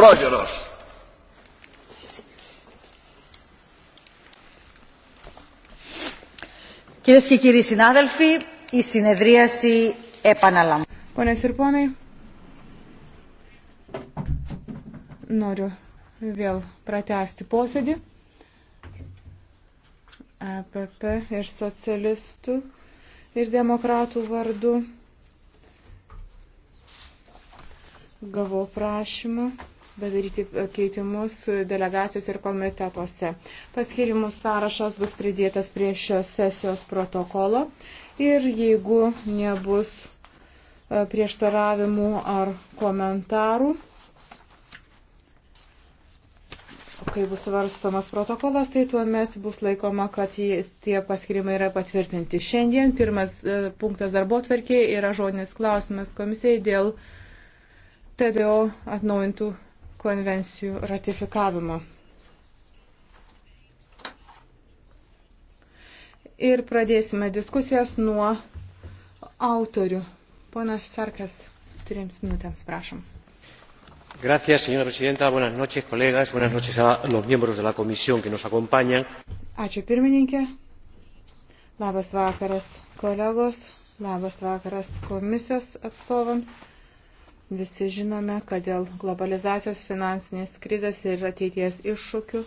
Progeros. Κυρίες και κύριοι συνάδελφοι, η συνεδρίαση επαναλαμβάνει. Ponios ir ponai, noriu vėl pratesti posėdį. EPP ir socialistų ir demokratų vardu gavau prašymą padaryti e, keitimus e, delegacijos ir komitetuose. Paskirimų sąrašas bus pridėtas prie šios sesijos protokolo ir jeigu nebus e, prieštaravimų ar komentarų, kai bus svarstomas protokolas, tai tuomet bus laikoma, kad tie paskirimai yra patvirtinti. Šiandien pirmas punktas darbo tvarkė yra žodinis klausimas komisijai dėl TDO atnaujintų konvencijų ratifikavimo. Ir pradėsime diskusijas nuo autorių. Ponas Sarkas, turiems minutėms, prašom. Gracias, señora presidenta. Buenas noches, colegas. Buenas noches a los miembros de la comisión que nos acompañan. Ačiū pirmininkė. Labas vakaras, kolegos. Labas vakaras komisijos atstovams. Visi žinome, kad dėl globalizacijos finansinės krizės ir ateities iššūkių